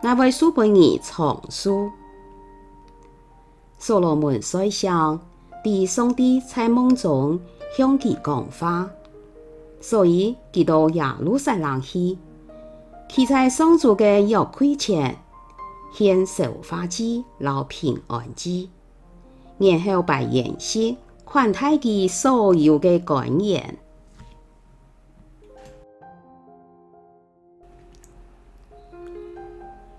我為蘇伯兒唱書，所羅門在上，弟兄弟在夢中向佢講話，所以佢到耶路撒冷去，佢在上主嘅約櫃前獻燒化祭、留平安祭然後拜宴席，款待佢所有嘅官員。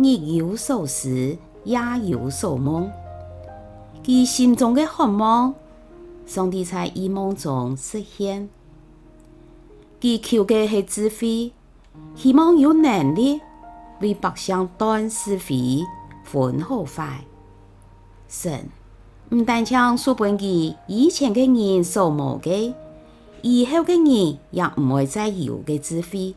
日有所思，夜有所夢。他心中的渴望，上帝在異夢中實現。他求的是智慧，希望有能力為百姓斷是非、分好壞。神，唔單將書本基以前嘅人所冇嘅，以後嘅人也唔會再有嘅智慧。